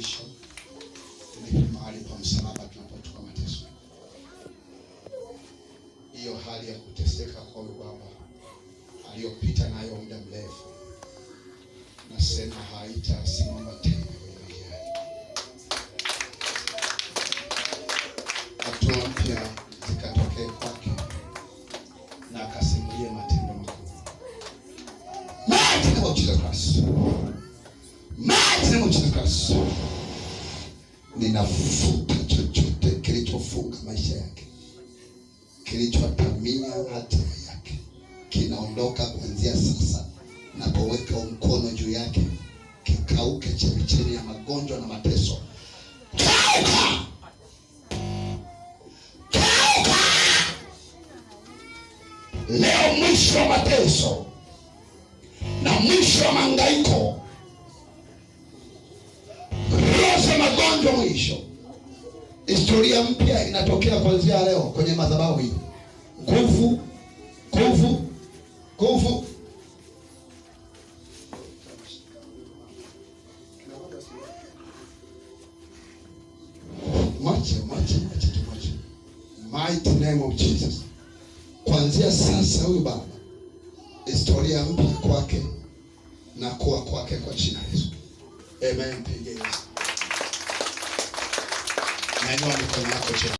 mwisho tumefika mahali pa msalaba tunapotoka mateso. Hiyo hali ya kuteseka kwa huyu baba aliyopita nayo muda mrefu, nasema haitasimama tena kwenye maisha yake. Hatua mpya zikatokee kwake na akasimulie matendo makubwa maji na jina la ninafuta chochote kilichofunga maisha yake, kilichoatamia hatima yake, kinaondoka kuanzia sasa. Napoweka mkono juu yake, kikauke chemichemi ya magonjwa na mateso. Kauka, kauka leo, mwisho wa mateso na mwisho wa mangaiko mwisho. Historia mpya inatokea kuanzia leo kwenye madhabahu hii. Nguvu, nguvu, nguvu. Mwache, mwache, mwache, mwache. Mighty name of Jesus. Kuanzia sasa, huyu baba, historia mpya kwake na kuwa kwake kwa jina Yesu. Amen. Pigeni Yesu. Aí meu amigo foi lá, foi tirar.